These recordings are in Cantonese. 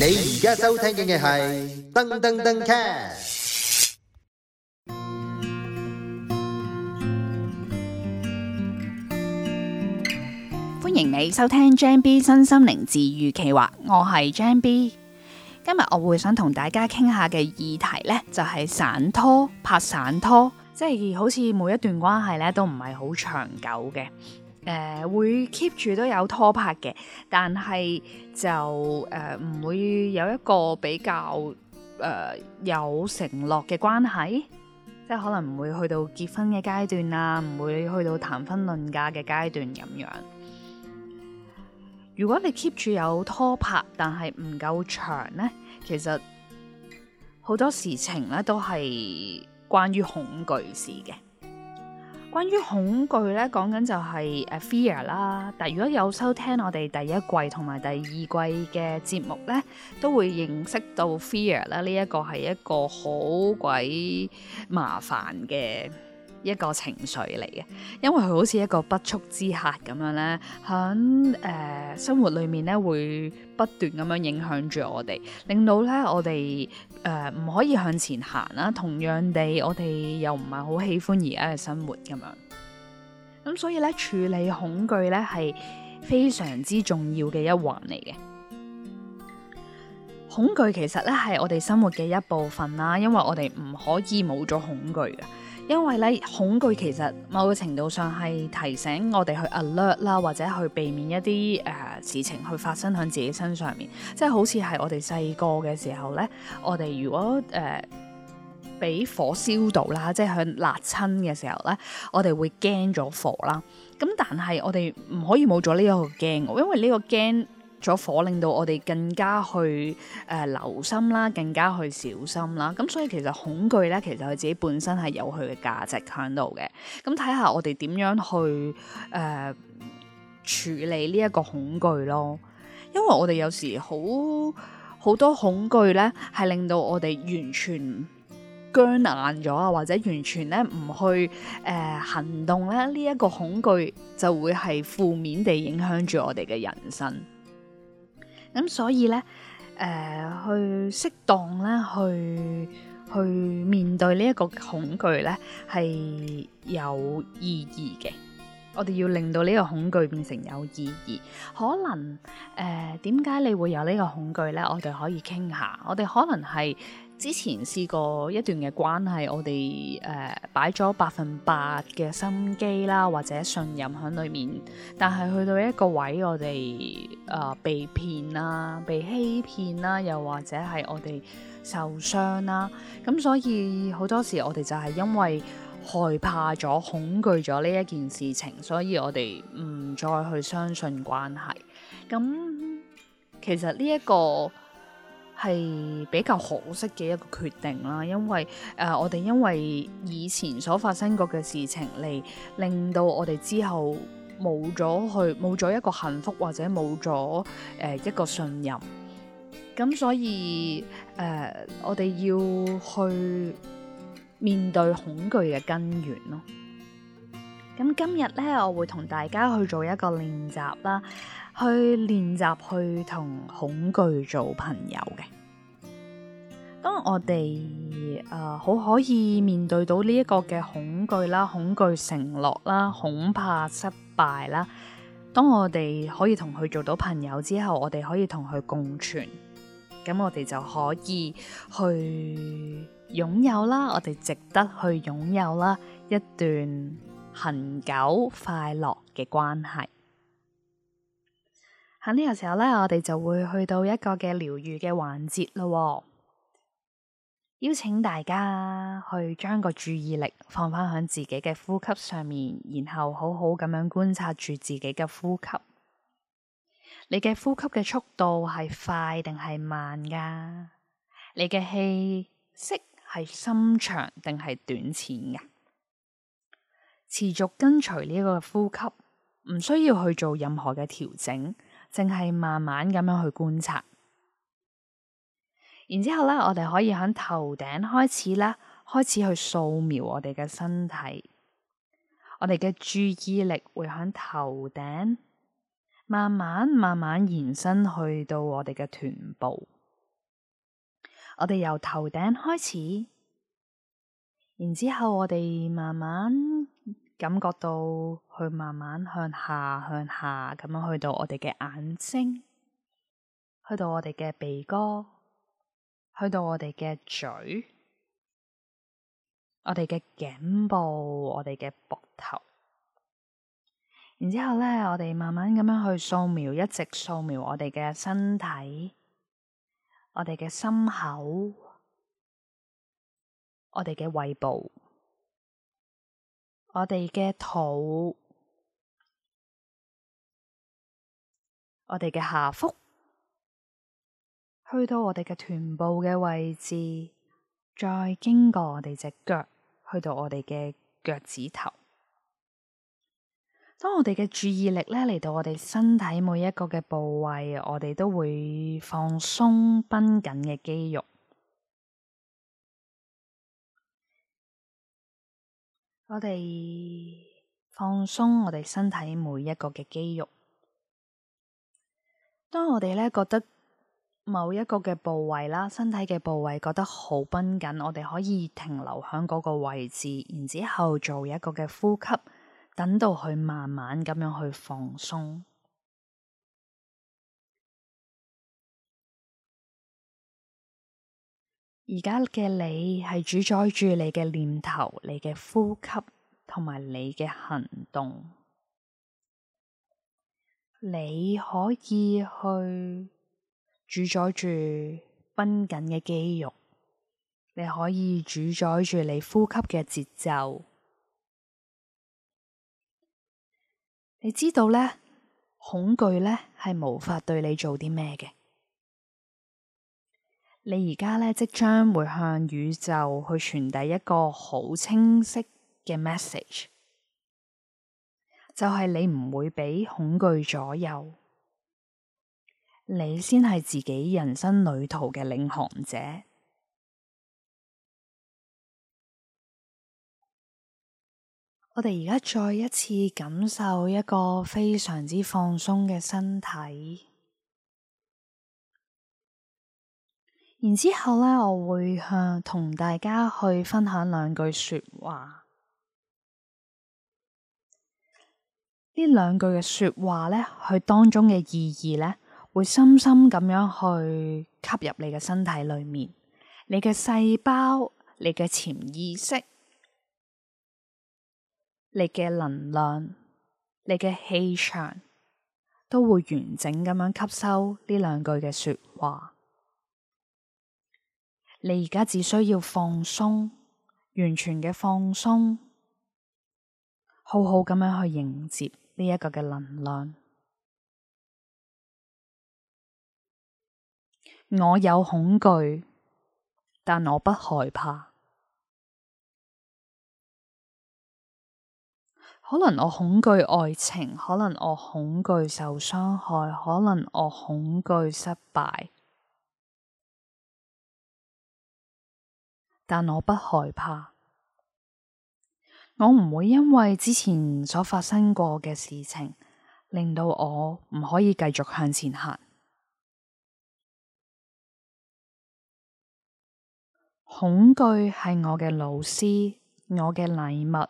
你而家收聽嘅係噔噔噔 cast，歡迎你收聽 Jam B 身心靈治愈企劃，我係 Jam B。今日我會想同大家傾下嘅議題呢，就係散拖，拍散拖，即係好似每一段關係呢都唔係好長久嘅。誒、呃，會 keep 住都有拖拍嘅，但係就誒唔、呃、會有一個比較誒、呃、有承諾嘅關係，即係可能唔會去到結婚嘅階段啦，唔會去到談婚論嫁嘅階段咁樣。如果你 keep 住有拖拍，但係唔夠長呢，其實好多事情呢都係關於恐懼事嘅。關於恐懼咧，講緊就係誒 Fear 啦。但如果有收聽我哋第一季同埋第二季嘅節目咧，都會認識到 Fear 啦。呢一個係一個好鬼麻煩嘅。一個情緒嚟嘅，因為佢好似一個不速之客咁樣咧，喺誒、呃、生活裏面咧會不斷咁樣影響住我哋，令到咧我哋誒唔可以向前行啦。同樣地，我哋又唔係好喜歡而家嘅生活咁樣。咁所以咧，處理恐懼咧係非常之重要嘅一環嚟嘅。恐懼其實咧係我哋生活嘅一部分啦，因為我哋唔可以冇咗恐懼嘅，因為咧恐懼其實某個程度上係提醒我哋去 alert 啦，或者去避免一啲誒、呃、事情去發生喺自己身上面，即係好似係我哋細個嘅時候咧，我哋如果誒俾、呃、火燒到啦，即係喺焫親嘅時候咧，我哋會驚咗火啦。咁但係我哋唔可以冇咗呢一個驚，因為呢個驚咗火，令到我哋更加去誒、呃、留心啦，更加去小心啦。咁所以其實恐懼咧，其實佢自己本身係有佢嘅價值響度嘅。咁睇下我哋點樣去誒、呃、處理呢一個恐懼咯。因為我哋有時好好多恐懼咧，係令到我哋完全僵硬咗啊，或者完全咧唔去誒、呃、行動咧。呢、呢、一個恐懼就會係負面地影響住我哋嘅人生。咁、嗯、所以咧，誒、呃、去適當咧去去面對呢一個恐懼咧，係有意義嘅。我哋要令到呢個恐懼變成有意義。可能誒點解你會有呢個恐懼咧？我哋可以傾下。我哋可能係。之前試過一段嘅關係，我哋誒擺咗百分百嘅心機啦，或者信任響裏面，但係去到一個位，我哋誒、呃、被騙啦、被欺騙啦，又或者係我哋受傷啦。咁所以好多時我哋就係因為害怕咗、恐懼咗呢一件事情，所以我哋唔再去相信關係。咁其實呢、這、一個。係比較可惜嘅一個決定啦，因為誒、呃、我哋因為以前所發生過嘅事情嚟，令到我哋之後冇咗去，冇咗一個幸福，或者冇咗誒一個信任，咁所以誒、呃、我哋要去面對恐懼嘅根源囉。咁今日呢，我會同大家去做一個練習啦，去練習去同恐懼做朋友嘅。當我哋誒好可以面對到呢一個嘅恐懼啦、恐懼承諾啦、恐怕失敗啦。當我哋可以同佢做到朋友之後，我哋可以同佢共存，咁我哋就可以去擁有啦。我哋值得去擁有啦一段。恆久快樂嘅關係，喺呢個時候呢，我哋就會去到一個嘅療癒嘅環節咯。邀請大家去將個注意力放返響自己嘅呼吸上面，然後好好咁樣觀察住自己嘅呼吸。你嘅呼吸嘅速度係快定係慢噶？你嘅氣息係深長定係短淺噶？持續跟隨呢一個呼吸，唔需要去做任何嘅調整，淨係慢慢咁樣去觀察。然之後咧，我哋可以響頭頂開始啦，開始去掃描我哋嘅身體，我哋嘅注意力會響頭頂，慢慢慢慢延伸去到我哋嘅臀部。我哋由頭頂開始，然之後我哋慢慢。感覺到去慢慢向下向下咁樣去到我哋嘅眼睛，去到我哋嘅鼻哥，去到我哋嘅嘴，我哋嘅頸部，我哋嘅膊頭。然之後咧，我哋慢慢咁樣去掃描，一直掃描我哋嘅身體，我哋嘅心口，我哋嘅胃部。我哋嘅肚，我哋嘅下腹，去到我哋嘅臀部嘅位置，再經過我哋隻腳，去到我哋嘅腳趾頭。當我哋嘅注意力呢，嚟到我哋身體每一個嘅部位，我哋都會放鬆繃緊嘅肌肉。我哋放鬆我哋身體每一個嘅肌肉。當我哋咧覺得某一個嘅部位啦，身體嘅部位覺得好繃緊，我哋可以停留喺嗰個位置，然之後做一個嘅呼吸，等到佢慢慢咁樣去放鬆。而家嘅你係主宰住你嘅念頭、你嘅呼吸同埋你嘅行動。你可以去主宰住繃緊嘅肌肉，你可以主宰住你呼吸嘅節奏。你知道咧，恐懼咧係無法對你做啲咩嘅。你而家咧即將會向宇宙去傳遞一個好清晰嘅 message，就係你唔會俾恐懼左右，你先係自己人生旅途嘅領航者。我哋而家再一次感受一個非常之放鬆嘅身體。然之後呢，我會向同大家去分享兩句說話。呢兩句嘅說話呢，佢當中嘅意義呢，會深深咁樣去吸入你嘅身體裏面，你嘅細胞、你嘅潛意識、你嘅能量、你嘅氣場，都會完整咁樣吸收呢兩句嘅說話。你而家只需要放鬆，完全嘅放鬆，好好咁樣去迎接呢一個嘅能量。我有恐懼，但我不害怕。可能我恐懼愛情，可能我恐懼受傷害，可能我恐懼失敗。但我不害怕，我唔會因為之前所發生過嘅事情，令到我唔可以繼續向前行。恐懼係我嘅老師，我嘅禮物。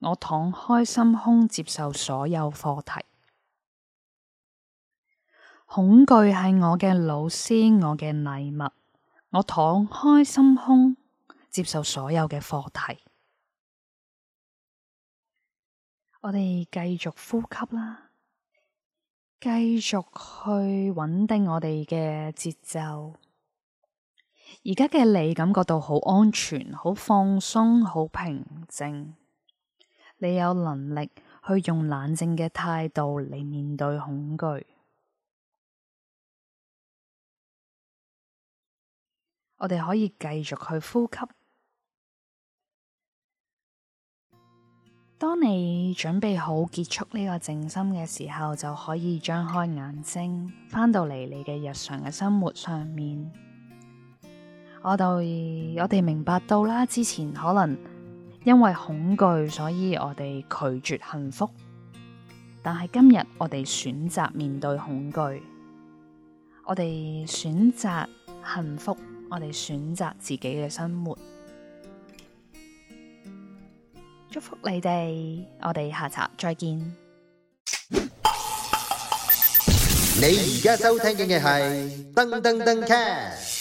我敞開心胸接受所有課題。恐懼係我嘅老師，我嘅禮物。我敞開心胸，接受所有嘅課題。我哋繼續呼吸啦，繼續去穩定我哋嘅節奏。而家嘅你感覺到好安全、好放鬆、好平靜。你有能力去用冷靜嘅態度嚟面對恐懼。我哋可以繼續去呼吸。當你準備好結束呢個靜心嘅時候，就可以張開眼睛，翻到嚟你嘅日常嘅生活上面。我哋我哋明白到啦，之前可能因為恐懼，所以我哋拒絕幸福。但係今日我哋選擇面對恐懼，我哋選擇幸福。我哋選擇自己嘅生活，祝福你哋，我哋下集再見。你而家收聽嘅係噔噔噔 c a